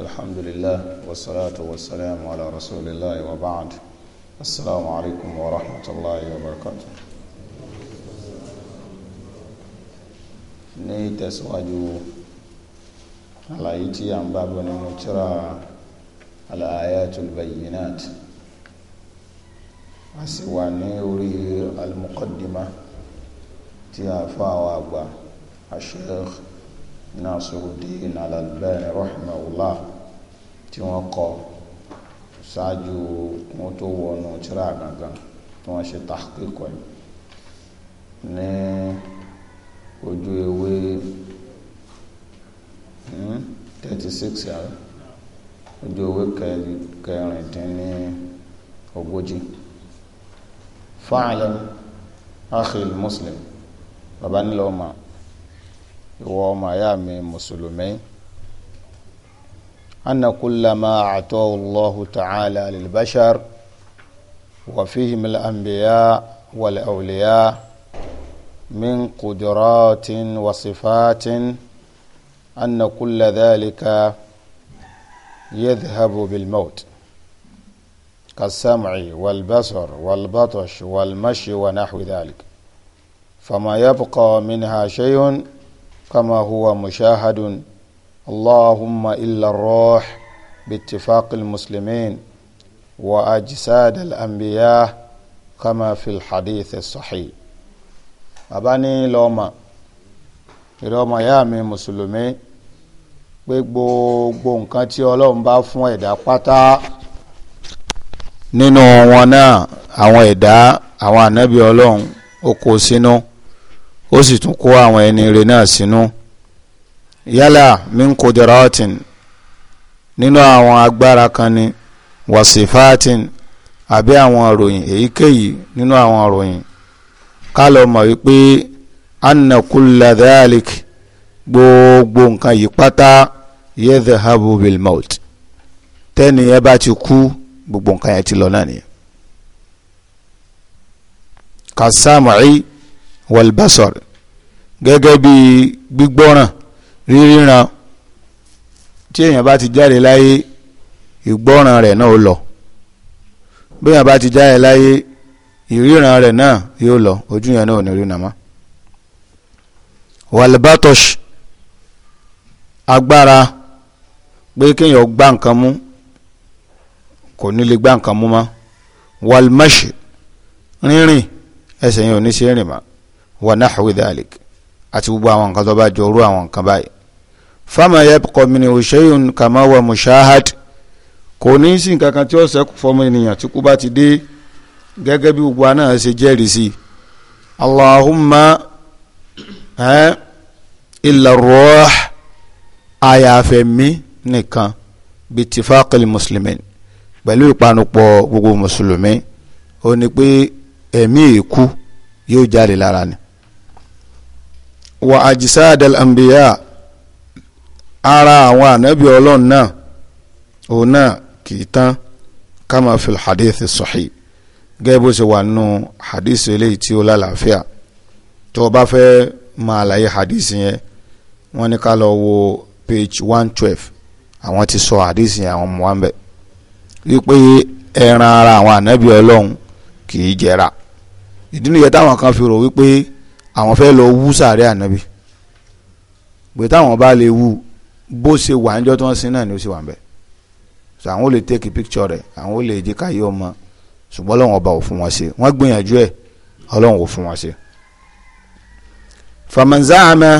الحمد لله والصلاة والسلام على رسول الله وبعد السلام عليكم ورحمة الله وبركاته نيت سواجو على يتي عن باب نمترى على آيات البينات أسوى نيوري المقدمة تيافا وابا الشيخ ناصر الدين على الباني رحمه الله tí wọ́n kọ ṣáájú wọn tó wọnú tíra gangan tí wọ́n ṣe tahqiq ẹ̀ ní ojú ewé hmm, thirty six yàrá ojú ewé kẹrìndínní ogójì fa'lam akhil muslim baba nílò ọmọ ìwọ mi mùsùlùmí. أن كل ما أعطاه الله تعالى للبشر وفيهم الأنبياء والأولياء من قدرات وصفات أن كل ذلك يذهب بالموت كالسمع والبصر والبطش والمشي ونحو ذلك فما يبقى منها شيء كما هو مشاهد اللهم إلا الروح باتفاق المسلمين وأجساد الأنبياء كما في الحديث الصحيح abani لوما، ìrọ́mà يا mi mùsùlùmí pé gbogbo nǹkan tí ọlọ́run bá fún ẹ̀dá pátá nínú wọn náà àwọn ẹ̀dá àwọn ànábì ọlọ́run ó kó sínú ó sì tún kó àwọn ẹni rẹ̀ náà sínú yálà min kudiratin nínú àwọn agbára kan ni wasifatin àbí àwọn ìròyìn èyíkéyìí nínú àwọn ìròyìn ká lọ mọ̀ wípé anna kulla dhalik gbogbo nǹkan yìí pátá yadhhabu bil maut tẹ́ni ẹ bá ti kú gbogbo nǹkan yẹn ti lọ náà nìyẹn. kasamai walbasar gẹ́gẹ́ bí gbígbọ́ràn ríríran tí èèyàn bá ti jáde láyé ìgbọ́ràn rẹ̀ náà ó lọ bí èèyàn bá ti jáde láyé ìríran rẹ̀ náà yóò lọ ojú yẹn náà ò ní rí nàmá. walbatosh agbára pé kéèyàn gbá nǹkan mú kò ní lè gbá nǹkan mú mọ́ walmash rínrìn ẹsẹ̀ yẹn ò ní ṣe rìn mọ́ wa nahwi dhalik àti gbogbo àwọn nǹkan tó bá jọ orú àwọn nǹkan báyìí fama yabqa minhu shay'un kama wa mushahad kò ní í sí nǹkan kan tí ó ṣẹ́kù fọmọ ènìyàn tí kú bá ti dé gẹ́gẹ́ bí gbogbo anáà ṣe jẹ́rìí sí allahumma illa ruh àyàfẹ̀mí nìkan bí tifaqil muslimin pẹ̀lú ìpanupọ̀ gbogbo mùsùlùmí ó ní pé ẹ̀mí èkú yóò jáde lára ni wa ajsadal anbiya ara àwọn ànábì ọlọ́run náà òun náà kì í tán kama fil hadith sahih gẹ́gẹ́ bó ṣe wà nínú hadith eléyìí tí ó lálàáfíà tó o bá fẹ́ máa àlàyé hadith yẹn wọ́n ní ká lọ wo page one twelve àwọn ti sọ hadith yẹn àwọn ọmọ wa ń bẹ̀ wípé ẹran ara àwọn ànábì ọlọ́run kì í jẹra ìdí nìyẹn táwọn kan fi rò wípé àwọn fẹ́ lọ wú sàárẹ̀ ànábì pé táwọn bá lè wú bó ṣe wà níjọ́ tí wọ́n sin náà ni ó ṣe wà ń bẹ̀ so àwọn ò lè take picture rẹ̀ àwọn ò lè jẹ́ káyé ọmọ ṣùgbọ́n ọlọ́run ọba ò fún wọn ṣe wọ́n gbìyànjú ẹ̀ ọlọ́run ò fún wọn ṣe. famanza ama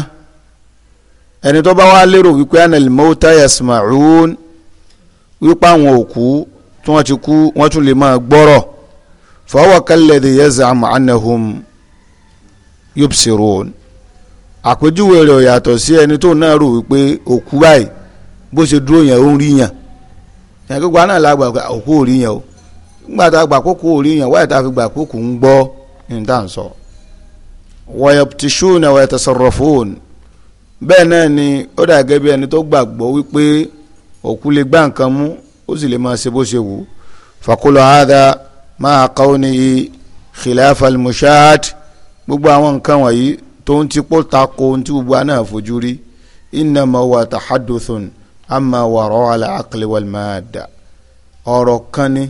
ẹni tó bá wá lérò wípé anil mota yasma'un wípé àwọn òkú tí wọ́n ti kú wọ́n tún lè máa gbọ́rọ̀ fahuwa kalladhi yaz'amu annahum yubsirun àpèjúwe rẹ̀ ò yàtọ̀ sí ẹni tó náà rò wípé òkú báyìí bó ṣe dúró yẹn ó ń rí yàn yẹn gbogbo àná la gbà òkú ò rí yàn o nígbà tá a gbà kókó ò rí yàn wáyé tá a fi gbà kókó ń gbọ́ ní tá à ń sọ. wayabtishuna wayatasarrafun bẹ́ẹ̀ náà ni ó dà gẹ́gẹ́ ẹni tó gbàgbọ́ wípé òkú lè gbá nǹkan mú ó sì lè máa ṣe bó ṣe wù ú fakulu hadha máa qawnihi khilafal mushahad gbogbo àwọn nǹkan wọ̀nyí tó ń ti pọ́ ta ko ohun tí gbogbo aná àfojú rí innama wa tahadduthun amma wàrọ̀ al-aqli wal-maada ọ̀rọ̀ kan ni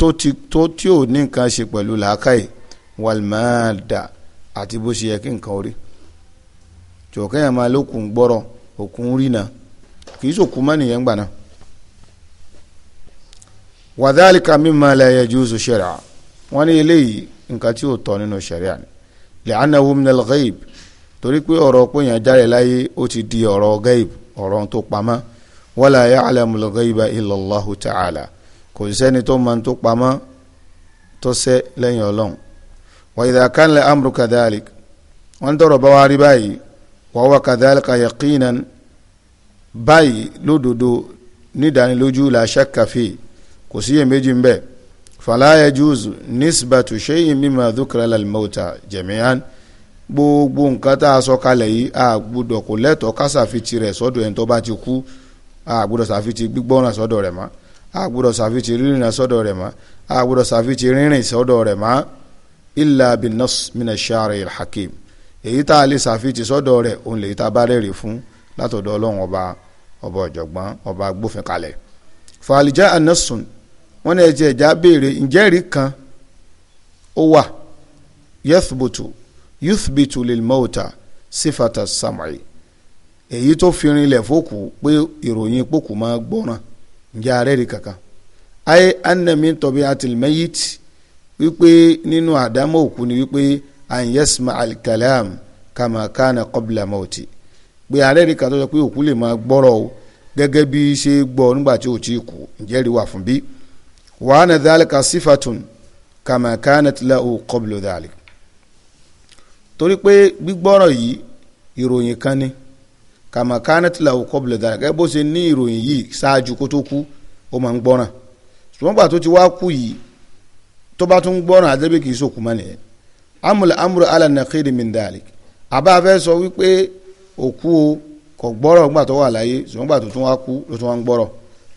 tó ti tó tí ò ní nǹkan ṣe pẹ̀lú làákàyè wal-maada àti bó ṣe yẹ kí nǹkan orí jọ̀kẹ́yàn máa lókun gbọ́rọ̀ òkun rìnà kì í sòkun mọ́ nìyẹn gbà náà wa dhalika mimma la yajuzu wọ́n ní eléyìí nǹkan tí ò tọ́ nínú sẹ̀ríà ni li'annahu min al-ghaib torí pé ọ̀rọ̀ péyàn jáde láyé ó ti di ọ̀rọ̀ ghaib ọ̀rọ̀ tó pamọ́ wala ya'lamu al-ghaiba illa Allahu ta'ala kò sẹ́ni tó máa tó pamọ́ tó sẹ́ lẹ́yìn ọlọ́run wa idha kana al-amru wọ́n tọrọ bá rí báyìí wa huwa kadhalika yaqinan báyìí lódodo nídánilójú la shakka fi kò síyèméjì ń bẹ́ẹ̀ fala yajuzu nisbatu shay'in mimma dhukira lal mauta jami'an gbogbo nǹkan tá a sọ kalẹ̀ yìí a gbọ́dọ̀ kò lẹ́tọ̀ọ́ ká ṣàfitì rẹ̀ sọ́dọ̀ ẹni tó bá ti kú a gbọ́dọ̀ ṣàfitì gbígbọ́ràn sọ́dọ̀ rẹ̀ mọ́ a gbọ́dọ̀ ṣàfitì rírìnà sọ́dọ̀ rẹ̀ mọ́ a gbọ́dọ̀ ṣàfitì rírìn sọ́dọ̀ rẹ̀ mọ́ illa bin nas mina shari alhakim èyí tá a lè ṣàfitì sọ́dọ̀ rẹ̀ òun lèyí tá a bá rẹ̀ fún látọ̀dọ̀ ọlọ́run ọba ọba ọ̀jọ̀gbọ́n ọba agbófinkalẹ̀ fàlìjà anasun wọ́n ní ẹ̀jẹ̀ ẹ̀já béèrè ǹjẹ́ ẹ̀rí kan ó wà yẹ́sùbùtù yùsùbìtù lil mauta sífàtà sàmùrì èyí tó fi rinlẹ̀ fókù pé ìròyìn pòkù máa gbọ́ràn ǹjẹ́ ààrẹ kankan ayé anami tọ́bi atilmẹ́yìt wípé nínú àdámọ́ òkú ni wípé anyasma alikalam kamakana kọ́bìlà mọ́ọ̀tì pé ààrẹ rí kan tó sọ pé òkú lè máa gbọ́rọ̀ o gẹ́gẹ́ bí ṣe gbọ́ nígbà tí ò tí ì kú ǹjẹ́ rí wà fún bí wa ذلك dhalika كما كانت له قبل ذلك dhalik torí pé gbígbọ́rọ̀ yìí ìròyìn kan ni kama kanat lahu qablu dhalik gẹ́gẹ́ bó ṣe ní ìròyìn yìí ṣáájú kó tó kú ó máa ń gbọ́ràn ṣùgbọ́n gbà tó ti wá kú yìí tó bá tún gbọ́ràn àdébí kì í sòkú mọ́ nìyẹn amúlẹ̀ amúlẹ̀ alànàkiri min dhalik àbá sọ wípé òkú o kò gbọ́rọ̀ gbà wà láyé ṣùgbọ́n gbà tó tún wá kú ló tún wá ń gbọ́rọ̀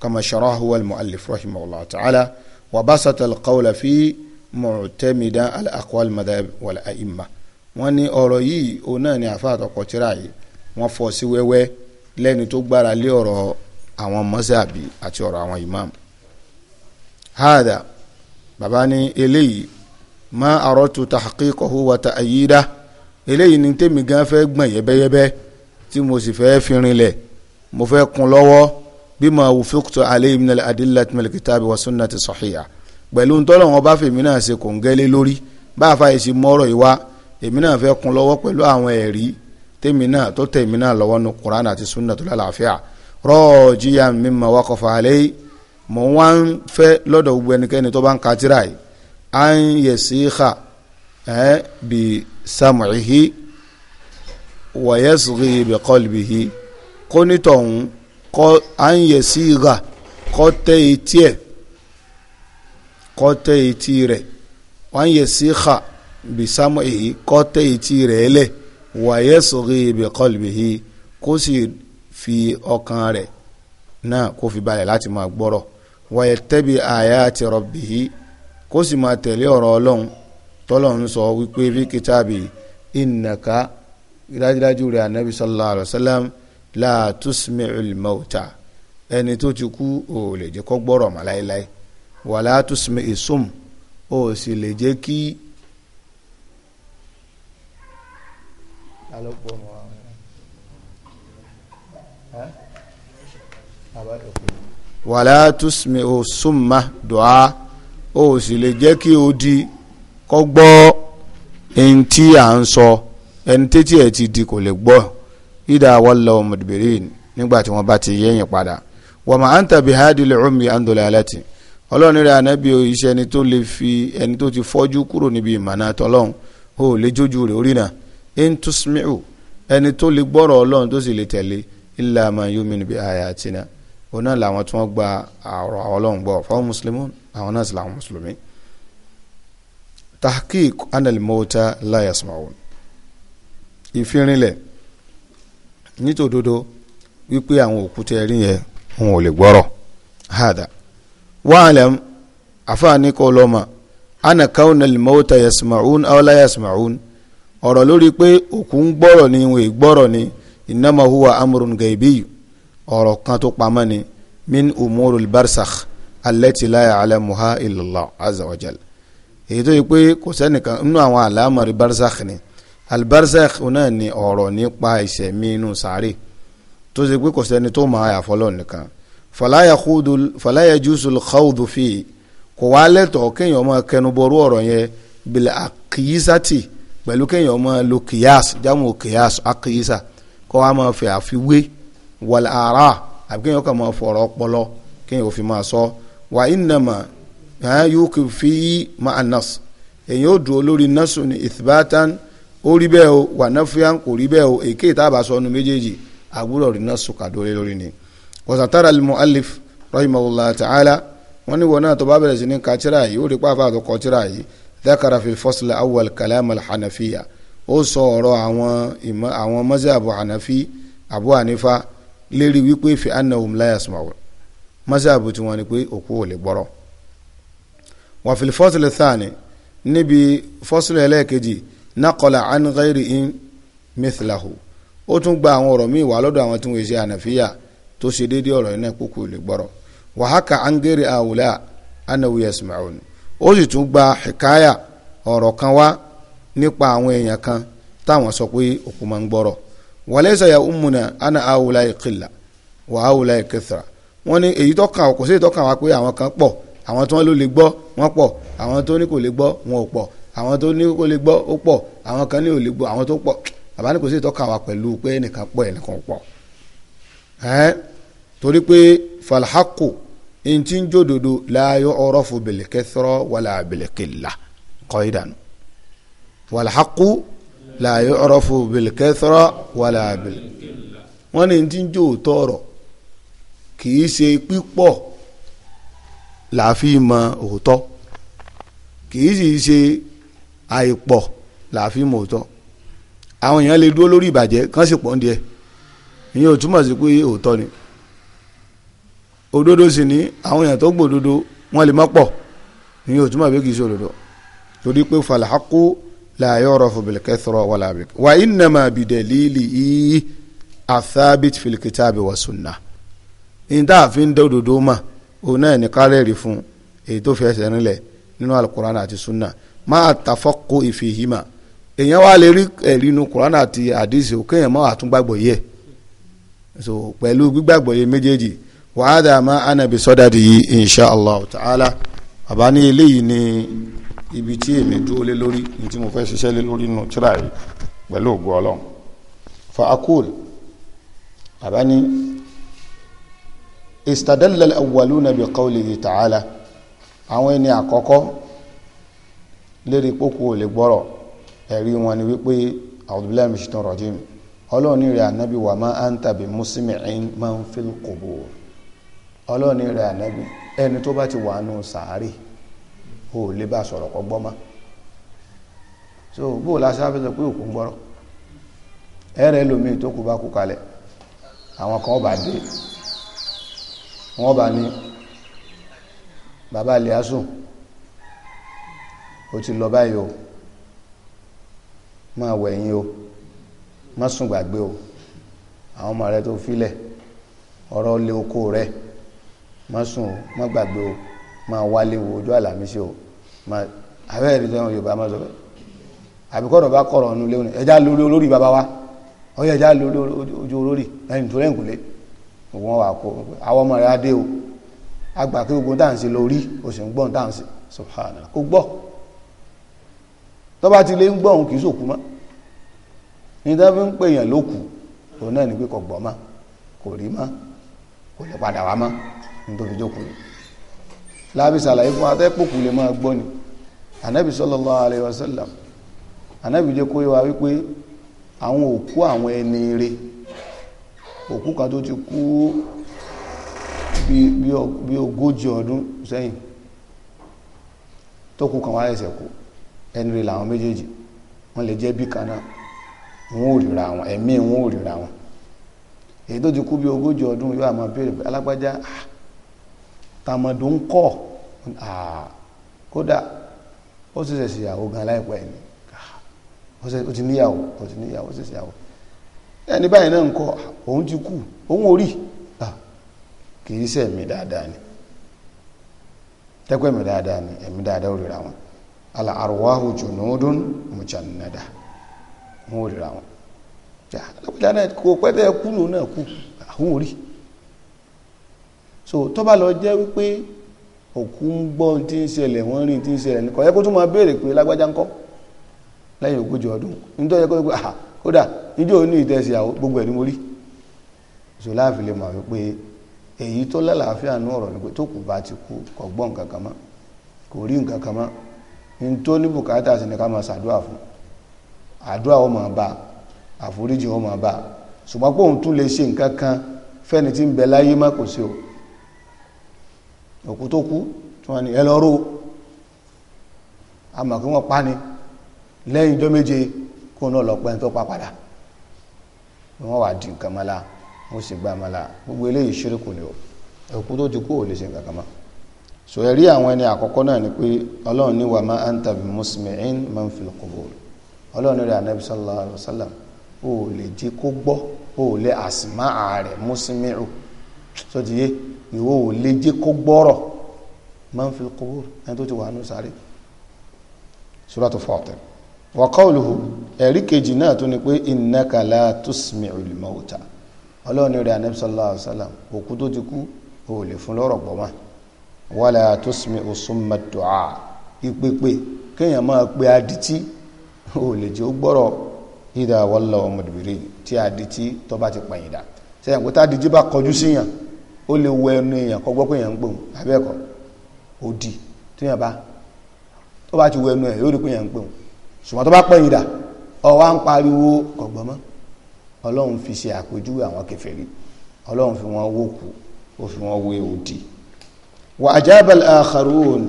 كما شرحه المؤلف رحمه الله تعالى وبسط القول فيه معتمدا على أقوال المذاهب والأئمة wọ́n ní ọ̀rọ̀ yìí òun náà ni àfáà tọkọ tíra yìí wọ́n fọ́ sí wẹ́wẹ́ lẹ́ni tó gbára lé ọ̀rọ̀ àwọn mọ́sàbí àti ọ̀rọ̀ àwọn imam. haada bàbá ní eléyìí ma arọ́tu tahqiqahu wa ta'yida eléyìí ní tèmi gan fẹ́ gbọ̀n yẹ́bẹ́yẹ́bẹ́ tí mo sì fẹ́ fi rinlẹ̀ mo fẹ́ kún lọ́wọ́ bima wufiqtu alayhi min al-adillati min al-kitabi wa sunnati sahiha pẹ̀lú ntọ́lọ́wọ́n bá fèmí náà ṣe kò ń gẹ́lé lórí bá a fa èsì mọ́rọ̀ ìwá èmi náà fẹ́ kún lọ́wọ́ pẹ̀lú àwọn ẹ̀rí tèmi náà tó tẹ̀mí náà lọ́wọ́ nu Qur'an àti sunna tó lálàáfíà rajiyan mimma waqafa alayhi mọ̀ wá ń fẹ́ lọ́dọ̀ gbogbo ẹnikẹ́ni tó bá ń ka yìí à ń yẹ sí xa ẹ́ bi sam'ihi wa yasghi bi qalbihi kónítọ̀hún kọ́ àyẹ̀ sí ìhà kọ́ tẹ etí ẹ̀ kọ́ tẹ etí rẹ̀ wàyẹ̀ sí ìhà bisamu èyí kọ́ tẹ etí rẹ̀ lẹ̀ wàyẹ̀ sọ̀rọ̀ ibi kọ́lùbìhì kó sì fi ọkàn rẹ̀ náà kó fi balẹ̀ láti máa gbọ́rọ̀ wàyẹ̀ tẹ́bi àyà àti rọ̀bìhì kó sì máa tẹ̀lé ọ̀rọ̀ ọlọ́run tọ́lọ́run sọ wípé fi kìtàbí ìnàka dájúdájú rẹ̀ ànábi sallallahu alayhi wa sallam la tusmi'ul mauta ẹni tó ti kú ò lè jẹ́ kó gbọ́rọ̀ mọ́ láéláé wàlá tusmi'is sum ò sì lè jẹ́ kí. wàlá tusmi'us summa du'a ò sì lè jẹ́ kí o di kó gbọ́ ẹni tí à ń sọ ẹni tẹ́tí ẹ̀ ti di kò lè gbọ́ idà wallaw mudbirin nígbà tí wọ́n bá ti yẹ̀yìn padà wa ma anta bihadil ummi an dalalati ọlọ́run rẹ̀ ànábì iṣẹ́ ẹni tó lè fi ẹni tó ti fọ́jú kúrò níbi ìmọ̀nà tọ́lọ́hún ó lè jójú rẹ̀ orí náà in tusmi'u ẹni tó lè gbọ́rọ̀ ọlọ́run tó sì lè tẹ̀lé illa man yu'minu bi ayatina òun náà làwọn tí wọ́n gba ọ̀rọ̀ ọlọ́run gbọ́ fáwọn mùsùlùmí àwọn náà sì làwọn mùsùlùmí. tahqiq anal mota la yasma'un ìfirinlẹ̀ nítòdodo wípé àwọn òkúta ẹ̀rí yẹn òun ò lè gbọ́rọ̀ hada wàhálàm àfààní kò lọ́mọ ana kauna limauta yasmaun awla yasmaun ọ̀rọ̀ lórí pé òkú ń gbọ́rọ̀ ni ìwé gbọ́rọ̀ ni innama huwa amrun gaibi ọ̀rọ̀ kan tó pamọ́ ni min umurul barsakh allati la ya'lamuha illallah azza èyí tó yẹ pé kò sẹ́nìkan nínú àwọn àlámọ̀rí barsakh ni albarzakh náà ni ọ̀rọ̀ nípa ìṣẹ̀mí inú sáré tó ṣe pé kò sẹ́ni tó máa yàfọ́ lọ nìkan fala yajuzu al-khawdu fi kò wá lẹ́tọ̀ọ́ kéèyàn máa kẹnu bọrú ọ̀rọ̀ yẹn bil akiyisati pẹ̀lú kéèyàn máa lo kiyas jámù kiyas akiyisa kó wá máa fi àfiwé wal ara àbí kéèyàn kàn máa fọ̀rọ̀ ọpọlọ kéèyàn ò máa sọ wa innama yóò kì í fi ma'an nas èyàn ó dúró lórí nasu ni ithbatan ó rí bẹ́ẹ̀ o wà nafiyan kò rí bẹ́ẹ̀ o èké ìtaàbà sọnù méjèèjì àgbúrò rí náà sùkàdórí lórí ni. wọ́sàtàrà al-mu'allif rahimahullah ta'ala wọ́n ní wọn náà tó bá bẹ̀rẹ̀ sí ní ka tírà yìí ó rí pàápàá tó kọ tírà yìí dhakara fi fasl awwal kalam al-hanafiya ó sọ ọ̀rọ̀ àwọn ìmọ̀ àwọn hanafi abu hanifa lérí wípé fi annahum la yasma'un mazhabu tí wọ́n ní pé òkú ò lè gbọ́rọ̀ wàfìlì fasl thani níbi fasl ẹlẹ́ẹ̀kejì naqala an ghairi in mithlahu ó tún gba àwọn ọ̀rọ̀ míì wá lọ́dọ̀ àwọn tí wọ́n ṣe ànàfíà tó ṣe déédéé ọ̀rọ̀ iná kúkú lè gbọ́rọ̀ wàhákà an ghairi àwùlà anáwó yasma'un ó sì tún gba hikaya ọ̀rọ̀ kan wá nípa àwọn èèyàn kan táwọn sọ pé òkú máa ń gbọ́rọ̀ walaysa ya ummuna ana àwùlà qilla wà àwùlà kathra wọ́n ní èyí tó kàn kò sí èyí tó kàn wá pé àwọn kan pọ̀ àwọn tí wọ́n ló lè gbọ́ wọ́n pọ̀ àwọn tó ní kò lè gbọ́ wọn ò pọ̀ àwọn tó ní kó lè gbọ́ ó pọ̀ àwọn kan ní ò lè gbọ́ àwọn tó pọ̀ bàbá ní kò sí ìtọ́ka wa pẹ̀lú pé ẹnìkan pọ̀ ẹnìkan pọ̀ ẹ́ torí pé falhaku ntí ń jódodo láàyò ọ̀rọ̀ fún bìlìkẹ́sọ̀rọ̀ wàlà bìlìkẹ́là kọ́ ìdánù falhaku láàyò ọ̀rọ̀ fún bìlìkẹ́sọ̀rọ̀ wàlà bìlìkẹ́là wọ́n ní ntí ń jó tọ̀rọ̀ kì ṣe pípọ̀ làáfíì mọ òótọ́ kì sì ṣe àìpọ̀ làáfin mòótọ́ àwọn èèyàn lè dúró lórí ìbàjẹ́ kán sì pọ̀ ń díẹ̀ ìyẹn ò túmọ̀ sí pé òótọ́ ni òdodo sì ní àwọn èèyàn tó gbòdodo wọn lè má pọ̀ ìyẹn ò túmọ̀ pé kì í ṣe òdodo torí pé falahaqu la yu'rafu bilkathra wala bi wa innama bidalili ii athabit fil kitabi wa sunnah ìyẹn tá a fi ń dá òdodo mà òun náà ní kárẹ́ẹ̀rì fún èyí tó fẹsẹ̀ rinlẹ̀ nínú alukur'an àti sunnah máa tàfọ́kọ ìfìhìmà èèyàn wá lè rí ẹ̀rí inú Qur'an àti àdìsí òkè èèyàn máa tún gbàgbọ́ yẹ so pẹ̀lú gbígbàgbọ́ yẹ méjèèjì wàhádà má ànàbì sọ́dà di yìí insha allah ta'ala bàbá ní eléyìí ní ibi tí èmi dúró lé lórí ní tí mo fẹ́ ṣiṣẹ́ lé lórí nínú tíra yìí pẹ̀lú ògo Ọlọ́run fa akul bàbá ní istadalla al-awwaluna bi ta'ala àwọn ẹni àkọ́kọ́ lérí pókó ò lè gbọ́rọ̀ ẹ̀rí wọn ni wípé àwùjọ mìíràn rọ̀jìm ọlọ́ọ̀ni rẹ̀ ànábì wà má à ń tàbí mùsùlùmí máa ń fi kòbò ọlọ́ọ̀ni rẹ̀ ànábì ẹni tó bá ti wà nù sàárè ò lè bá sọ̀rọ̀ kọ́ gbọ́ lómi tó kú bá kú kalẹ̀ àwọn kan bá dé wọ́n bá ní bàbá lè á ó ti lọ báyìí o máa wẹ̀yìn o má sùn gbàgbé o àwọn ọmọ rẹ tó filẹ̀ ọ̀rọ̀ lé oko rẹ má sùn o má gbàgbé o máa wálé wo ojú àlàmísì o máa abẹ́rẹ́ ìdíjọ́ àwọn Yorùbá máa sọ bẹ́ẹ̀ àbíkọ́rọ̀ bá kọ̀rọ̀ ọ̀nù léwu ni ẹja lórí olórí bàbá wa ọyọ ẹja lórí ojú olórí ẹni tó lẹ́yìn kùlé òun wà kó àwọn ọmọ rẹ adé o àgbà kí gbogbo táà ń ṣe lórí o sì ń gbọ́n táà ń ṣe subhanallah gbọ́ tó bá ti lè ń gbọ́ òun kì í sòkú mọ́ ní tó fi ń pè yàn lókù òun náà ní pé kò gbọ́ mọ́ kò rí mọ́ kò lè padà wá mọ́ ní tó fi jókòó ni láàbí sàlàyé fún atẹ́pòkù lè máa gbọ́ ni ànábì sallallahu alayhi wa sallam ànábì jẹ́ kó yé wípé àwọn òkú àwọn ẹni rè òkú kan tó ti kú bí ogójì ọdún sẹ́yìn tó kú kan wá ẹsẹ̀ kú ẹnu rí làwọn méjèèjì wọ́n lè jẹ́ bí kan wọn ò ríra wọn ẹ̀mí wọn ò ríra wọn ti kú bí ogójì ọdún yóò àmọ́ béèrè alágbájá tàmọ̀dù ń kọ́ kódà ó sì ṣẹ̀ṣẹ̀ gan láìpẹ́ ni ó ti níyàwó ó ti níyàwó ó sì ṣẹ̀ṣẹ̀ ẹni báyìí náà ti kú òun ò rí kì í ṣẹ̀mí dáadáa ni tẹ́kọ̀ ẹ̀mí dáadáa ni ẹ̀mí dáadáa ò ríra wọn ala arwahu junudun mujannada wọn ò ríra wọn alákòjá kò pẹ́ tẹ́ kú lòun náà kú so tó bá lọ jẹ́ wípé òkú ń gbọ́ tí ń ṣẹlẹ̀ wọ́n rí tí ń ṣẹlẹ̀ nìkan yẹ kó tún máa béèrè pé lágbájá ń kọ́ lẹ́yìn ogójì ọdún nítorí yẹ kó pé àhà gbogbo ẹ̀ ni mo rí so láàfin lè mọ̀ wípé èyí tó lálàáfíà ọ̀rọ̀ tó kù ní tó ní bùkátà sí ni ká máa ṣàdúrà fún àdúrà ó máa bá àforíjì ó máa bá ṣùgbọ́n pé òun tún lè ṣe nǹkan kan fẹ́ni tí ń bẹ láyé má kò sí o òkú tó kú tí wọ́n ní ẹ lọ ró àmọ́ kí wọ́n pa ni lẹ́yìn ijọ́ méje kó náà lọ pẹ́ tó pa padà wọ́n wà di nǹkan mọ́lá wọ́n sì gbá mọ́lá gbogbo eléyìí ṣírí kù ni o òkú tó ti kú ò lè ṣe nǹkan kan mọ́ so ẹ̀rí àwọn ẹni àkọ́kọ́ náà ni pé ọlọ́run ní wàmá anta bi musmi'in man fil qubur ọlọ́run anabi sallallahu alayhi o sallam ó lè jí kó gbọ́ ó lè àsìmá ààrẹ ìwọ ò lè jí kó gbọ́rọ̀ ẹni tó ti suratu ẹ̀rí kejì náà tó ni pé innaka anabi wala tusmi'u summa du'a ìpèpè kéèyàn máa pe adití ò lè jẹ́ ó gbọ́rọ̀ ìdá wallaw mudbirin tí adití tó bá ti pàyìn dà sẹ́yìn kó tá adití bá kọjú síyàn ó lè wọ ẹnu èèyàn kọ́ gbọ́ pé èèyàn ń gbòhùn abẹ́ẹ̀kọ́ ó di téèyàn bá tó bá ti wọ ẹnu ẹ̀ yóò rí pé èèyàn ń gbòhùn ṣùgbọ́n tó bá pàyìn dà ó ń pariwo kọ̀gbọ́n mọ́ ọlọ́run fi ṣe àpèjúwe àwọn kèfèrí ọlọ́run fi wọn wó kú ó fi wọn wé òdì wà ajábal akharun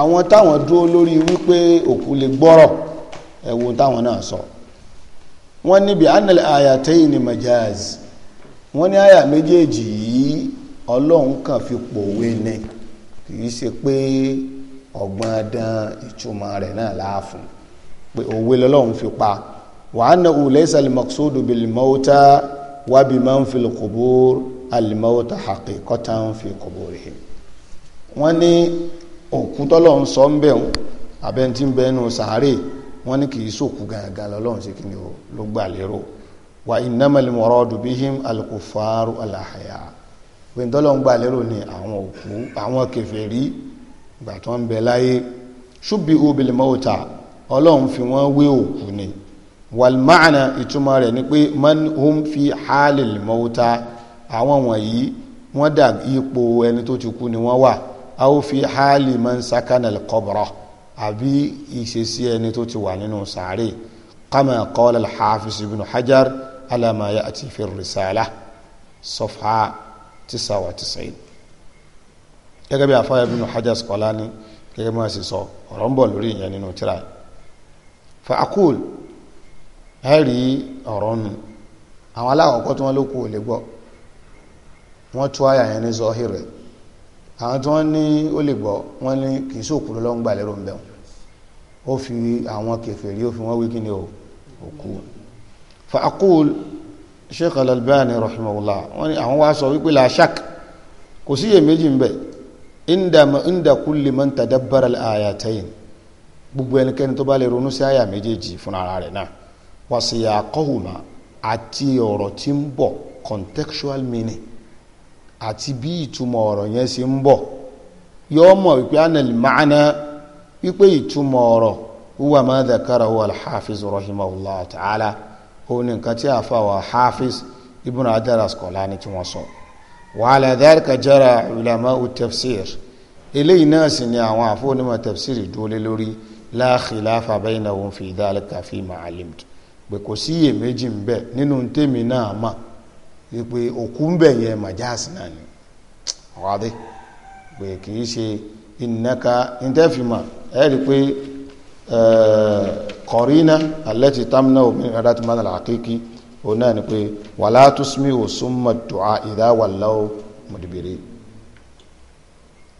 àwọn táwọn dúró lórí wípé òkú lè gbọ́rọ̀ ẹ̀wọ̀n táwọn náà sọ wọ́n níbi anil ayatayn majaz wọ́n ní àyà méjèèjì yìí ọlọ́run kàn fi pòwe ni kìí ṣe pé ọgbọ́n dán ìtumọ̀ rẹ̀ náà láàfún pé òwe lọ́lọ́run fi pa wa annahu laysa al-maqsudu bil-mawta wa biman fil-qubur al-mawta haqiqatan fi quburihim wọ́n ní òkú tọ́lọ́run sọ ń bẹ̀rún abẹ́ntí ń bẹ́nu sàárè wọ́n ní kìí sòkú gangan lọ́lọ́run sí kìíní ló gbà lérò wà innamal muradu bihim al-kuffaru al-ahya pé tọ́lọ́run gbà lérò ní àwọn òkú àwọn kèfèrí ìgbà tó ń bẹ láyé shubbihu bil mauta ọlọ́run fi wọ́n wé òkú ni wal ìtumọ̀ rẹ̀ ni pé man fi halil mauta àwọn wọ̀nyí wọ́n dà ipò ẹni tó ti kú ni wọ́n wà aw fi hali man sakana al-qabra àbí ìṣesí ẹni tó ti wà nínú sàárè kama qala al-hafiz ibn hajar ala ma ya'ti fi ar-risala safha tisa wa tis'in gẹ́gẹ́ bí afáyà ibn hajar Asqalani gẹ́gẹ́ bí wọ́n sì sọ ọ̀rọ̀ ń bọ̀ lórí ìyẹn fa akul ẹ rí ọ̀rọ̀ nù àwọn alákọ̀ọ́kọ́ tí wọ́n ló kú ò lè gbọ́ wọ́n tú àwọn tí wọ́n ní ó lè gbọ́ wọ́n ní kì í sòkúrò lọ́n gbà lérò ń bẹ̀ ó fi àwọn kèfèrí ó fi wọ́n wí kí ni o òkú fa aqul sheikh al-albani rahimahullah wọ́n ní àwọn wá sọ wípé la shak kò sí iyèméjì ń bẹ inda inda kulli man tadabbara al-ayatayn gbogbo ẹnikẹ́ni tó bá lè ronú sí àyà méjèèjì fún ara rẹ̀ náà wàsíyà kọ́hùmá àti ọ̀rọ̀ tí ń bọ̀ contextual meaning àti bí ìtumọ̀ ọ̀rọ̀ yẹn ṣe ń bọ̀ yóò mọ̀ wípé anil ma'ana wípé ìtumọ̀ ọ̀rọ̀ huwa ma dhakarahu al-hafiz rahimahullah ta'ala òun nìkan tí a fà wà hafiz ibn hajar al-asqalani tí wọ́n sọ wa ala dhalika jara ulama'u tafsir eléyìí náà sì ni àwọn àfọwọ́nìmọ̀ tafsir dúró lórí la khilafa baynahum fi dhalika fi ma'alim pé kò sí iyèméjì ń bẹ nínú tèmi náà máa wípé òkú ń bẹ̀ yẹn màjáàsì náà ni ọ̀wádé pé kì í ṣe ìnáka ìtẹ́fìmà ẹ̀ rí pé kọ̀rínà alẹ́tì tamna omi adati mana àkíkí òun náà ni pé wàlá túsmí òsúnmà dùá ìdáwàláwò mọ̀dìbìrì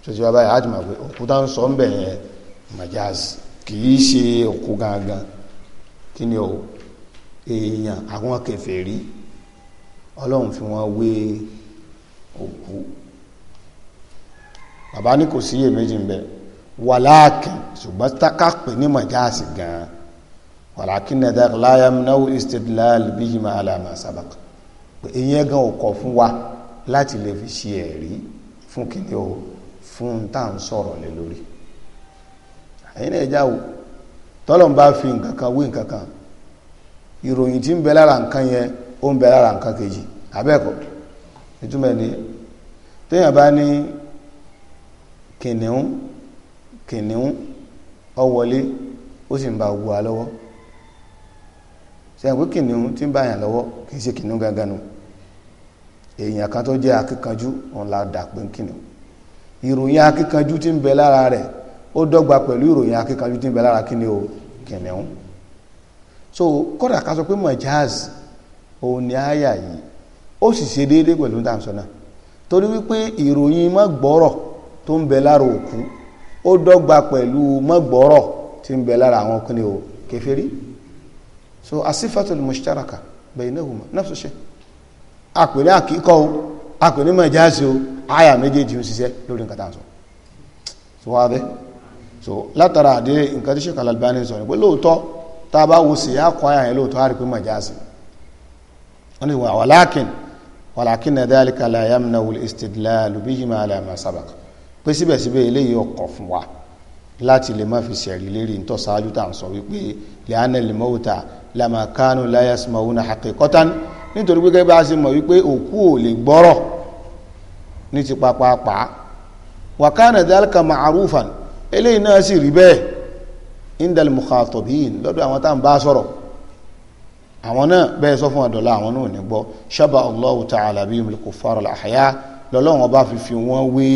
sọ́jọ́ báyìí ájùmọ̀ pé òkú tá ń sọ ń bẹ̀ yẹn màjáàsì kì í ṣe òkú gangan kí ni o èèyàn àwọn kèfèrí ọlọ́run fi wọ́n wé òkú bàbá ní kò sí iyèméjì ń bẹ wàláàkì ṣùgbọ́n takápè ní mọ̀jáàsì gan-an wàláàkì nẹ́dàkì láyàm náwó istidlal bíyì máa àlàmà sábàkà pé eyín ẹ̀gàn ò kọ̀ fún wa láti lè fi ṣe ẹ̀rí fún kíni o fún tá à ń sọ̀rọ̀ lé lórí àyìn ẹ̀já o tọ́lọ̀ bá fi nǹkan kan wé nǹkan kan ìròyìn tí ń bẹ lára nǹkan yẹn ó ń bẹ lára nǹkan kejì abẹ́ẹ̀kọ́ ìtumọ̀ ẹni téèyàn bá ní kìnìún kìnìún ó wọlé ó sì ń ba wu wa sẹ́yìn pé kìnìún tí ń bá yàn lọ́wọ́ kì í ṣe kìnìún gangan nu èèyàn kan tó jẹ́ akíkanjú òun la dà pé kìnìún ìròyìn akíkanjú ń bẹ lára rẹ̀ ó dọ́gba pẹ̀lú ìròyìn akíkanjú ti ń bẹ lára kìnìún kìnìún so kódà ká sọ pé òun ni àyà yìí ó sì ṣe déédéé pẹ̀lú dáńsọ náà torí wípé ìròyìn mọ́gbọ́rọ̀ tó ń bẹ lára òkú ó dọ́gba pẹ̀lú mọ́gbọ́rọ̀ tí ń bẹ lára àwọn ọkùnrin o kèfèrí so asifatul mushtaraka bainahuma nafsu shay àpèrè àkíkọ́ o àpèrè mọ̀jáàsì o àyà méjèèjì ń ṣiṣẹ́ lórí nǹkan táǹsọ so wá so látara àdé nǹkan tí Sheikh Al-Albani sọ ni pé lóòótọ́ tá a bá wo àyà yẹn lóòótọ́ wọ́n ní wàlákin wàlákin dhalika la yamna'u al-istidlal bihima ala ma sabaq pé síbẹ̀síbẹ̀ eléyìí ọkọ̀ fún wa láti lè má fi sẹ̀rí lérí ń tọ́sáájú tá à ń sọ wípé li'anna al-mawta lama kanu la yasma'una haqiqatan nítorí pé gẹ́gẹ́ bá a ṣe mọ̀ wípé òkú ò lè gbọ́rọ̀ ní ti papapa wa kana dhalika ma'rufan eléyìí náà sì rí indal mukhatabin lọ́dọ̀ àwọn tá à ń bá àwọn náà bẹ́ẹ̀ sọ fún àdọ́lá àwọn náà ní gbọ́ ṣábà Allahu ta'ala bihimul kuffar al-ahya lọ́lọ́run ọba fi fi wọ́n wé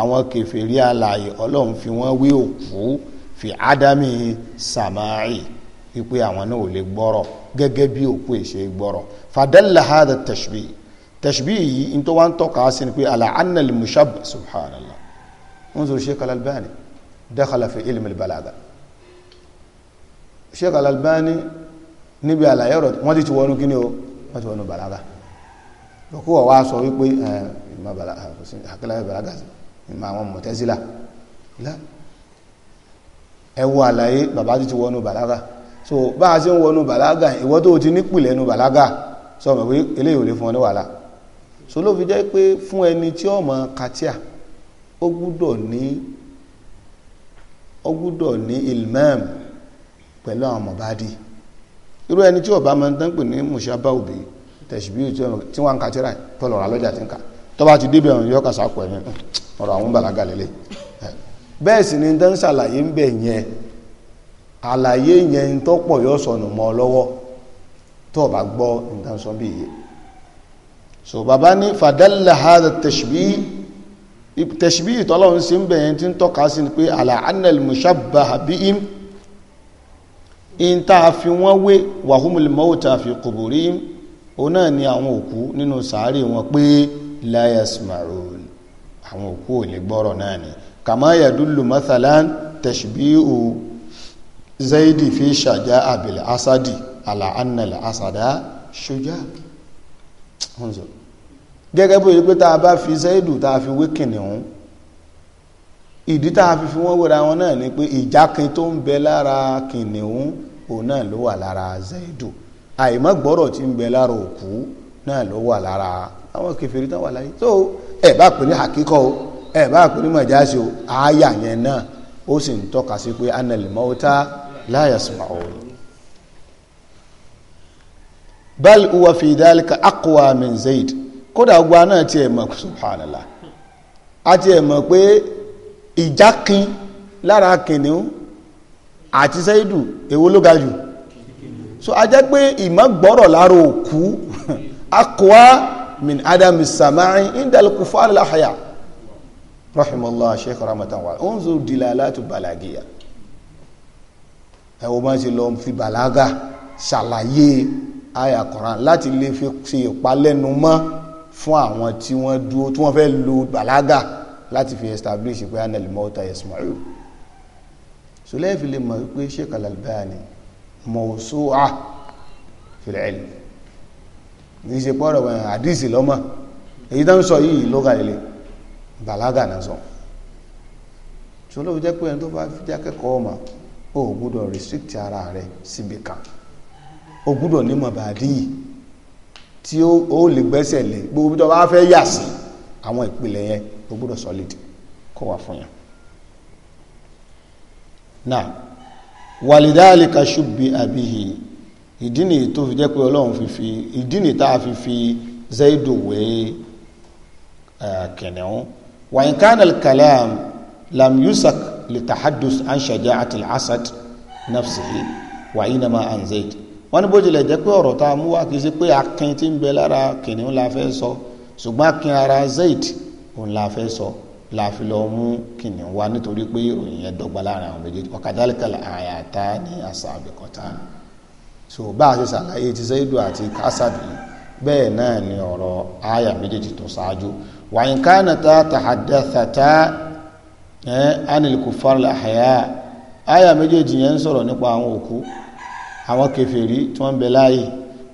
àwọn kèfèrí alààyè ọlọ́run fi wọ́n wé òkú fi ádámì sàmáì wípé àwọn náà ò lè gbọ́rọ̀ gẹ́gẹ́ bí òkú èṣe gbọ́rọ̀ fadalla hadha tashbi tashbi yìí in tó wá ń tọ́ka sí ni pé ala'anna al-mushab subhanallah níbi àlàyé ọ̀rọ̀ wọ́n ti ti wọnú kí ni o wọ́n ti wọnú bàlágà lókù ọ̀wá sọ wípé àkíláyé bàlágà ìmọ̀ àwọn mọ̀tẹ́sílà ẹ wo àlàyé bàbá ti ti wọnú bàlágà so bá a ṣe ń wọnú bàlágà ìwọ tó ti nípìlẹ̀ nu bàlágà sọ ma eléyìí ò lè fún ọ ní so ló fi jẹ́ pé fún ẹni tí ọmọ katia ó gbúdọ̀ ní ó ilmam pẹ̀lú àwọn mọ̀bádìí irú ẹni tí ọba máa ń tán pè ní mùsàbá òbí tẹ̀síbíù tí wọ́n ń ka tíra tọ́lọ̀ ọ̀rọ̀ alọ́jà ti ń ka tọ́ba ti débẹ̀ yọ kàṣà pọ̀ ẹ̀mí hmm, ọ̀rọ̀ àwọn lélẹ̀ bẹ́ẹ̀ ni tán ṣàlàyé ń bẹ̀ yẹn àlàyé yẹn ń tọ́pọ̀ yọ sọnù mọ́ lọ́wọ́ tó ọba gbọ́ nǹkan sọ bí iye so bàbá ní àlà anel in ta fi wọ́n wé wàhúmùlì mọ́wòtà fi kòbòrí òun náà ni àwọn òkú nínú sàárè wọn pé láyàsmàrún àwọn òkú ò lè gbọ́rọ̀ náà ni kàmá yàdúlù mathalan tashbihu zaidi fi ṣàjá abil asadi ala anna al asada ṣojá gẹ́gẹ́ bó yẹ pé tá bá fi zaidu tá fi wé kìnìún ìdí tá fi fi wọ́n wéra wọn náà ni pé ìjákin tó ń bẹ lára kìnìún òun náà ló wà lára zaidu àìmọ́ gbọ́rọ̀ tí ń bẹ lára òkú náà ló wà lára àwọn kẹfìrí tán wà láyé tó ẹ bá pè ní hakíkọ o ẹ bá pè ní mọ̀jáṣe o àáyà yẹn náà ó sì ń tọ́ka sí pé analimọ́ta láyà sùnmọ́ o. bal uwa fi dálíkà akwa min zaid kódà gba náà tiẹ̀ mọ̀ subhanallah a tiẹ̀ mọ̀ pé ìjákin lára kìnìún àti sẹ́yìdù èwo ló ga jù so a jẹ́ pé ìmọ̀ gbọ́rọ̀ lára òkú akwa min adam samai indal kufar lahaya rahimallah sheikh rahmatan wa unzur dilalatu balagiya ẹ wo máa ń ṣe lọ fi balaga ṣàlàyé àyà Quran láti lè fi ṣe ìpalẹ́numọ́ fún àwọn tí wọ́n dúró tí wọ́n fẹ́ lo balaga láti fi establish pé anel mọ́ta yasma'u sọlẹ́ẹ̀fì lè mọ̀ wípé Sheikh Al-Albani mawsu'a fil ilm ní ṣe pọ́rọ̀ wọn àdìsí lọ́mọ èyí tó ń sọ yìí ló ga ilé bàlágà náà sọ ṣọlọ́ jẹ́ pé ẹni tó bá fi jákẹ́kọ̀ọ́ ọmọ ó gbúdọ̀ restrict ara rẹ̀ síbi kan ó gbúdọ̀ nímọ̀ bàdíyì tí ó lè gbẹ́sẹ̀ lé gbogbo tó bá fẹ́ yà sí àwọn ìpìlẹ̀ yẹn ó gbúdọ̀ solid kó wà fún yàn náà wàlídáàlìkà ṣùgbì àbíyì ìdí nìyí tó fi jẹ́ pé ọlọ́run fi fi ìdí nìyí tá a fi fi zaidu wé kẹ̀nẹ̀ún wàyín kánàl kalam lam yusak litahadus an shaja'ati al-asad nafsihi wa inama an zaid wọ́n ní bó jẹ́ pé ọ̀rọ̀ tá mú wá kì í ṣe pé akin ti ń bẹ lára kìnìún la fẹ́ sọ ṣùgbọ́n akin ara zaid òun la fẹ́ sọ. So la fi lọ mú kìnìún wá nítorí pé ìròyìn yẹn dọ́gba láàrin àwọn méjèèjì ọ̀kadàlẹ́kàlà àyàtá ní àṣà àbẹ̀kọ̀tà so bá a ṣe ṣàlàyé ti Zaidu àti kásàbì bẹ́ẹ̀ náà ni ọ̀rọ̀ àyà méjèèjì tó ṣáájú wàyín kánà tá tàhádàtàtà ẹ̀ ánìlùkùfàr làhàyà àyà méjèèjì yẹn ń sọ̀rọ̀ nípa àwọn òkú àwọn kèfèrí tí wọ́n bẹ láàyè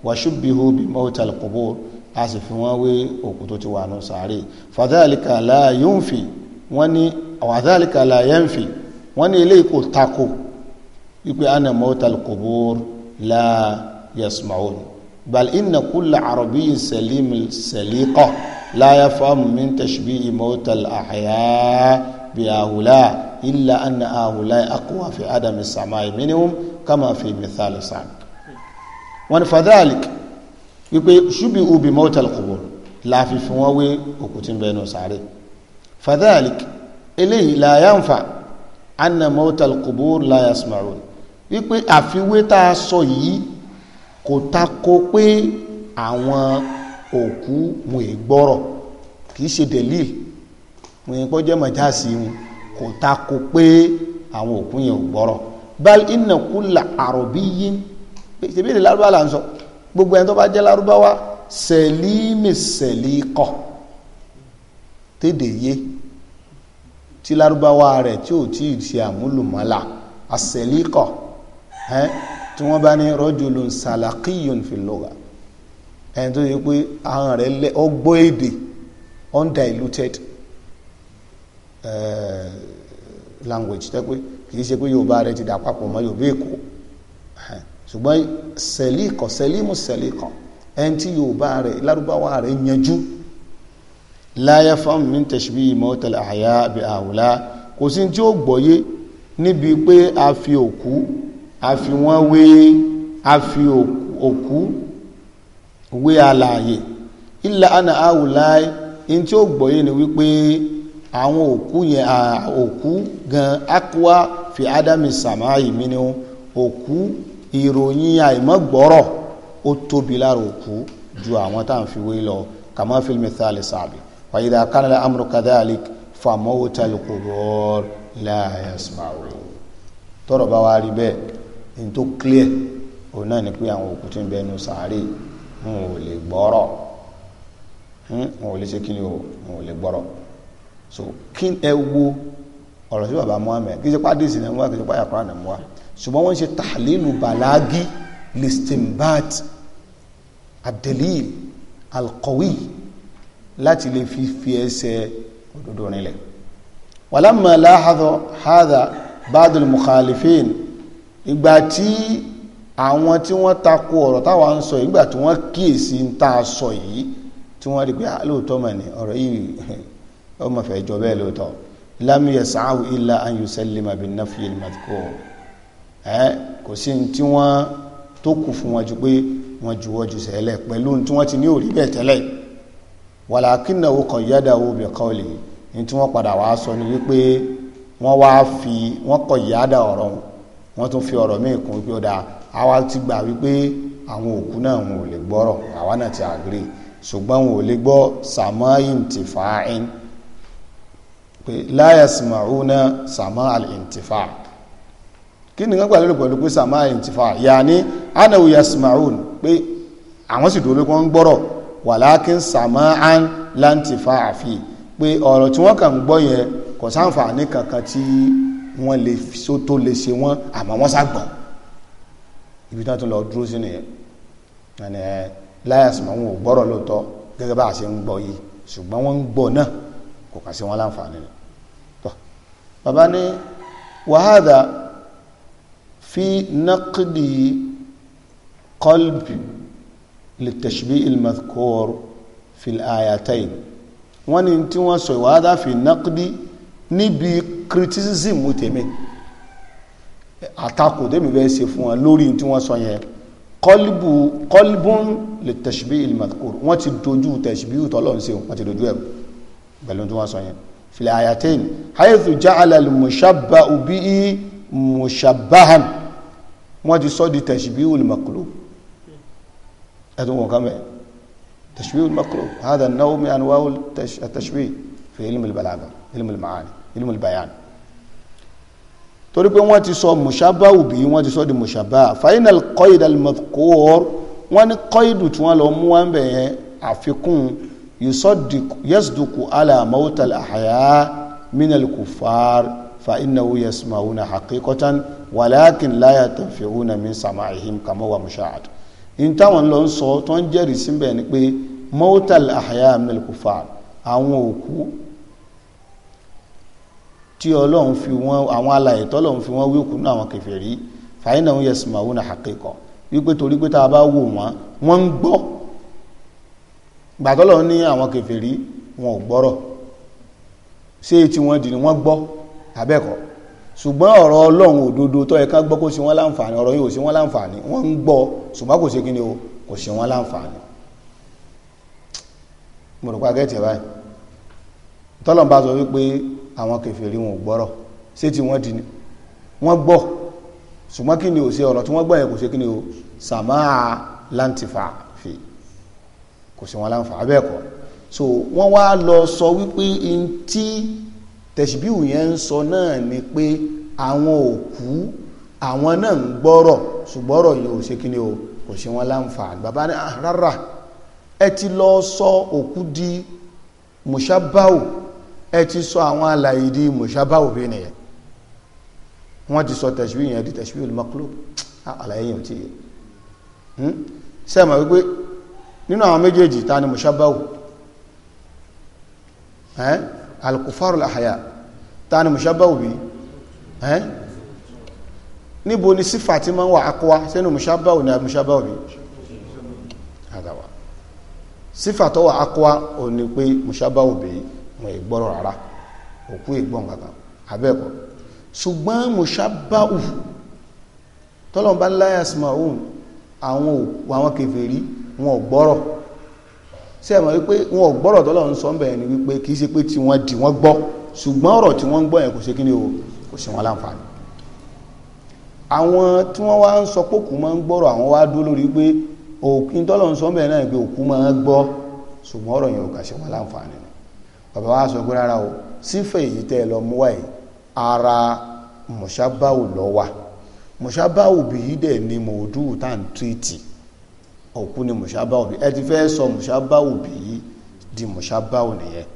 wàṣùbìhù bímọ́ tàlùkùbọ́ọ̀ a sì fi wọ́n wé òkú tó ti wà nù sàárè fàdáàlìkà la yunfi wọ́n ní àwàdáàlìkà la yanfi wọ́n ní eléyìí kò tako wípé ana mawtal qubur la yasma'un bal inna kulla arabiyyin salim saliqa la yafahamu min tashbihi mawtal ahya bi ahula illa anna ahula aqwa fi adami samai minhum kama fi mithali sa'd wọ́n ní fàdáàlìkà wípé ṣubi ubi mọ́tàl kùbọ̀ láàfin fún wọn wé òkú tí ń bẹ nù sáré fadhalik eléyìí láyàǹfà anna mọ́tàl kùbọ̀ láyàsmàrún wípé àfiwé tá a sọ yìí kò tako pé àwọn òkú wọn è gbọ́rọ̀ kì í ṣe delil wọn è kọjá mọ̀jáàsì wọn kò tako pé àwọn òkú yẹn ò gbọ́rọ̀ bal inna kulla àròbí yín ṣèbí èdè lárúbá là ń sọ gbogbo ẹni tó bá jẹ́ lárúbáwá sẹ̀límì sẹ̀líkọ̀ tédè yé tí lárúbáwá rẹ̀ tí ò tí ì ṣe àmúlùmọ́là àsẹ̀líkọ̀ ẹ́ tí wọ́n bá ní rọ́jòlùn sàlàkìyùn fìlọ́gà ẹni tó yẹ pé àwọn rẹ̀ lẹ́ ọgbọ́ èdè undiluted uh, language tẹ́ pé kì í ṣe pé Yorùbá rẹ̀ ti dà papọ̀ mọ́ Yorùbá Èkó ṣùgbọ́n sẹ̀líkọ̀ sẹ̀límù sẹ̀líkọ̀ ẹni tí yorùbá rẹ̀ lárúbáwá rẹ̀ yanjú láyé fún mi tẹ̀síbí mọ́tẹ̀lẹ̀ àyà àbí àwùlá kò sí tí ó gbọ́yé níbi pé a fi òkú a fi wọ́n wé a fi òkú wé alààyè ilẹ̀ àna àwùlá in tí ó gbọ́yé ni wípé àwọn òkú yẹn òkú gan akwa fi ádámì sàmáyì mi ni òkú ìròyìn àìmọ́gbọ́rọ̀ ó tóbi lára òkú ju àwọn tá à ń fi wé lọ kàmá fílmì thali sàbí fàyídà kánilá amúrú kadàlík fàmọ́wó tálùkù rọ́ọ̀rù láyàsímàrú tọrọ bá wá rí bẹ́ẹ̀ ní tó clear òun náà ni pé àwọn òkú tí ń bẹ sàárè ń ò lè gbọ́rọ̀ ń hmm, ò lè ṣe kí o ń ò lè gbọ́rọ̀ so kí ẹ wo ọ̀rọ̀ sí bàbá Muhammed kí ṣe pàdé ìsìn náà mú wa kí ṣe pàyà kúrò náà ṣùgbọ́n wọ́n ṣe tahlilu balagi listimbat adelil alqawi láti lè fi fi ẹsẹ̀ òdodo nílẹ̀ wàlámà láhàdọ̀ hádà bádùl mukhalifin ìgbà tí àwọn tí wọ́n takò ọ̀rọ̀ táwa ń sọ ìgbà tí wọ́n kíyèsí ń ta sọ yìí tí wọ́n rí pé ah, lóòótọ́ mà ní ọ̀rọ̀ yìí ọmọ fẹ́ jọ bẹ́ẹ̀ lóòótọ́ lam yas'ahu illa an yusallima bin nafyi ẹ kò sí ní tí wọ́n tó kù fún wọn ju pé wọ́n juwọ́ ju sẹ́lẹ̀ pẹ̀lú tí wọ́n ti ní òrí bẹ́ẹ̀ tẹ́lẹ̀ wàlàkínàwó kan yádà owó bẹ̀ kọ́ lè ní tí wọ́n padà wá sọ ni wípé wọ́n wá fi wọ́n kọ yádà ọ̀rọ̀ wọ́n tún fi ọ̀rọ̀ míì kún wípé àwa ti gbà wípé àwọn òkú náà wọn ò lè gbọ́rọ̀ àwa náà ti àgírí ṣùgbọ́n wọn ò lè gbọ́ sàmáyìn ti fàáyìn pé láyàsìmọ̀ òun náà sàmá àlè ìntìfàá kí ni wọ́n gbà lérò pẹ̀lú pé sàmà ìntìfà yàní anáwó yasmaun pé àwọn sì dúró kó ń gbọ́rọ̀ wàlákin sàmà án láǹtìfà àfi pé ọ̀rọ̀ tí wọ́n kàn ń gbọ́ yẹn kò sáǹfààní kankan tí wọ́n lè so tó lè ṣe wọ́n àmọ́ wọ́n ságbọ̀n ibi tí wọ́n tún lọ dúró sí nìyẹn ẹni ẹ wọn ò gbọ́rọ̀ lóòótọ́ gẹ́gẹ́ bá a ṣe ń gbọ́ yìí ṣùgbọ́n wọ́n ń gbọ́ náà kò kà sí wọn láǹfààní rẹ̀ bàbá ní wàhádà fi naqdi qalbi litashbih almadhkur fi al-ayatayn wọ́n ní tí wọ́n sọ ìwádà fi naqdi níbi criticism tèmi àtakò tèmi bẹ́ẹ̀ ṣe fún wọn lórí tí wọ́n sọ yẹn kọlbù kọlbùn lè tẹ̀síbí ìlmàkúrò wọ́n ti dojú tẹ̀síbí ìtọ́lọ̀ ń seun wọ́n ti dojú ẹ̀rù pẹ̀lú tí wọ́n sọ yẹn filẹ̀ ayatain haythu ja'ala al-mushabba bi mushabbahan wọ́n ti sọ́ di tashbihul makhluq ẹ̀tún wọn kàmẹ́ tashbihul makhluq hadha an-naw' min anwa' at-tashbih fi ilm al-balagha ilm al-ma'ani ilm al-bayan torí pé wọ́n ti sọ mushabba òbí wọ́n ti sọ di mushabba final qaid al-madhkur wọ́n ní kọ́ìdù tí wọ́n lọ mú wọn bẹ̀yẹn àfikún yasduku ala mawtal ahya min al-kuffar fa innahu wàláàkìn láyà tẹ̀fẹ̀húnà min sama'ihim kama wa musha'ad in táwọn lọ ń sọ tó ń jẹ́rìí síbẹ̀ ni pé mọ́tàl àhàyà mẹ́lẹ̀kùfà àwọn òkú tí ọlọ́run fi wọ́n àwọn alàyè tọ́lọ́run fi wọ́n wíkú náà àwọn kèfèrí fàyínà ń yẹsùn màwù náà àkẹ́kọ̀ wípé torí pé tá a bá wò wọ́n wọ́n ń gbọ́ gbàtọ́lọ́ ní àwọn kèfèrí wọn ò gbọ́rọ̀ ṣé tí wọ́n dì ní wọ́n gbọ́ abẹ́kọ̀ọ́ ṣùgbọ́n ọ̀rọ̀ ọlọ́run òdodo tó ẹ̀ká gbọ́ kó sí wọ́n láǹfààní ọ̀rọ̀ yóò sí wọ́n láǹfààní wọ́n ń gbọ́ ṣùgbọ́n kò sí kí ni o kò sí wọ́n láǹfààní mo rò pa gẹ́ẹ̀tì báyìí tọ́lọ̀ bá sọ wípé àwọn kèfèrí wọn ò gbọ́rọ̀ ṣé tí wọ́n di ni wọ́n gbọ́ ṣùgbọ́n kí ni o ṣe ọ̀rọ̀ tí wọ́n gbọ́ yẹn kò sí kí ni o sàmáà láǹtìfà fi kò sí wọ́n láǹfààní bẹ́ẹ̀ so wọ́n wá lọ sọ wípé in tí tẹ̀síbíù yẹn ń sọ náà ni pé àwọn òkú àwọn náà ń gbọ́rọ̀ ṣùgbọ́rọ̀ yìí ò ṣe kíni o kò ṣe wọ́n láǹfààní bàbá ní ah, rárá ẹ ti lọ sọ òkú di mùsábáwò ẹ ti sọ àwọn alàyè di mùsábáwò bí nìyẹn wọ́n ti sọ tẹ̀síbíù yẹn di tẹ̀síbíù maklub ah, àlàyé yẹn ti yẹ hmm? sẹ́mọ̀ wípé nínú àwọn méjèèjì ta ni mùsábáwò ẹ́ alkufaru lahaya ta ni mushabahu bi ẹ́ níbo ni sífà tí máa ń wà akọwa sínú mushabahu ni mushabahu bi àdáwà sífà tó wà akọwa ò ní pé mushabahu bi wọn ìgbọ́rọ̀ rárá òkú ìgbọ́n kankan abẹ́ẹ̀kọ́ ṣùgbọ́n mushabahu tọ́lọ́mbá láyà smarun àwọn kèfèrí wọn ò gbọ́rọ̀ ṣé ẹ mọ̀ wípé wọn gbọ́rọ̀ tó lọ́n sọ bẹ́ẹ̀ ni wípé kì í ṣe pé tí wọ́n dì wọ́n gbọ́ ṣùgbọ́n ọ̀rọ̀ tí wọ́n ń gbọ́ yẹn kò ṣe kí ni o kò ṣe wọn láǹfààní àwọn tí wọ́n wá ń sọ pé máa ń gbọ́rọ̀ àwọn wá dúró lórí pé òkú tó lọ́n sọ bẹ́ẹ̀ náà pé òkú máa ń gbọ́ ṣùgbọ́n ọ̀rọ̀ yẹn ò ṣe wọn láǹfààní ni bàbá wa sọ pé rárá o sífẹ̀ èyí tẹ́ ẹ lọ mú wáyé ara mọ̀ṣábáwò lọ́wà mọ̀ṣábáwò bìí dẹ̀ ni mòdù tá à ń túìtì òkú ni mùsábà òbí ẹ ti fẹ́ sọ mùsábà òbí yìí di mùsábà ò nìyẹn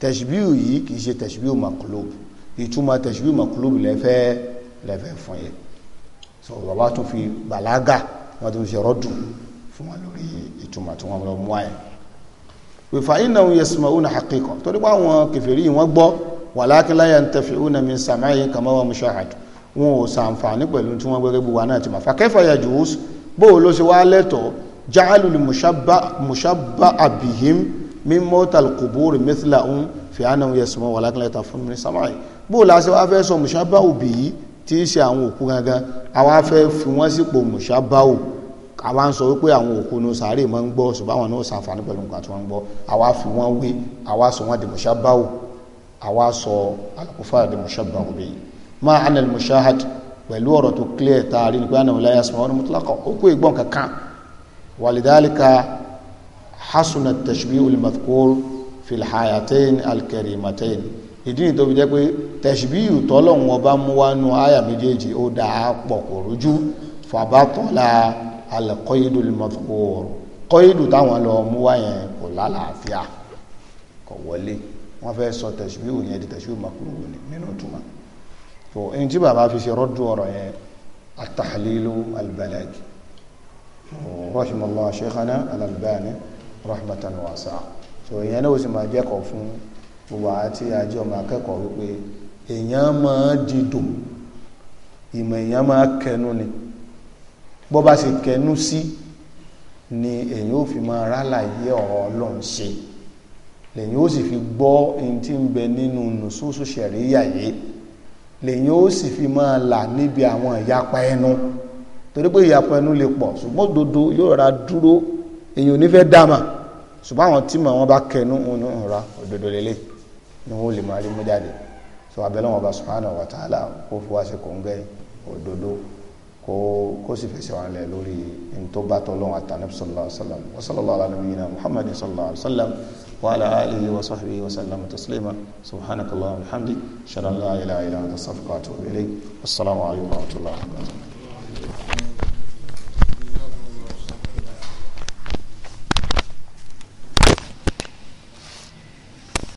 tẹ̀síbíù yìí kì í ṣe tẹ̀síbíù makulub ìtumọ̀ tẹ̀síbíù makulub lẹ́fẹ́ lẹ́fẹ́ fún yẹn so bàbá tún fi bàlágà wọn tún ṣe rọ́dù fún wọn lórí ìtumọ̀ tí wọn lọ mú àyè wìfà iná òun yẹsùmọ̀ òun àkíkọ̀ torí pé àwọn kẹfìrí wọn wọ́n gbẹ́gbẹ́ bu wa náà ti mà ja'alul mushabba abihim min mọ́tàl kòbóòrè mẹ́tìlá ń fi ànáwó yẹ sọmọ wà lákìlẹ̀ ta fún mi sámáà bó lásì wá fẹ́ sọ mushabba òbí yìí tí í ṣe àwọn òkú gangan àwa fẹ́ fi wọ́n sípò mushabba ò àwa ń sọ wípé àwọn òkú ní sàárè máa ń gbọ́ ṣùgbọ́n àwọn náà ṣàǹfààní pẹ̀lú nǹkan tí wọ́n ń gbọ́ àwa fi wọ́n wé àwa sọ wọ́n di mushabba ò àwa sọ àlùkùfà di mushabba òbí yìí máa mushahad pẹ̀lú ọ̀rọ̀ tó clear tá a rí ni pé ànáwó láyà sọmọ ọdún mutlaqan òkú kankan ولذلك حسن التشبيه المذكور في الحياتين الكريمتين ìdí ni tó fi jẹ́ pé tẹ̀síbíyù tọ́lọ́hún ọba mú wá nu àyà méjèèjì ó dà á pọ̀ kò rújú fàbátọ́lá alẹ́kọ́yédù lùmọ̀tòkòrò kọ́yédù táwọn lọ mú wá yẹn kò lálàáfíà kò wọlé wọ́n fẹ́ sọ tẹ̀síbíyù yẹn di tẹ̀síbíyù makruhu nínú túmọ̀ tó ẹni tí bàbá fi ṣe rọ́dù ọ̀rọ̀ yẹn atahlilu albalagi rahimallahu sheikhana al-Albani رحمة واسعة. so ìyẹn náà ó sì máa jẹ́kọ̀ọ́ fún gbogbo àti àjọ máa kẹ́kọ̀ọ́ wípé èèyàn máa dìdò ìmọ̀ èèyàn máa kẹnu ni bó bá ṣe kẹnu sí ni èèyàn ó fi máa rálàyé ọ̀rọ̀ ọlọ́run ṣe lẹ́yìn ó sì fi gbọ́ ẹni tí ń bẹ nínú nùsùsù ṣẹ̀ríyà yìí lẹ́yìn ó sì fi máa là níbi àwọn ìyapa ẹnu. No torí pé ìyàpọ̀ ẹnu lè pọ̀ ṣùgbọ́n òdodo yóò ra dúró èyàn ò ní fẹ́ dáàmà ṣùgbọ́n àwọn tí mà wọn bá kẹnu òun ní ọ̀ra òdodo lélẹ̀ ni wọn ò lè máa rí mú jáde sọ abẹ́lẹ́ wọn bá subhanahu wa ta'ala kó fi wá ṣe kòńgẹ́ òdodo kó kó sì fẹsẹ̀ wọn lẹ̀ lórí ntọ́ba tọ́lọ́wọ́n àtàlẹ́ sallallahu alaihi wasallam wa sallallahu ala nabiyyina muhammadin sallallahu alaihi wasallam wa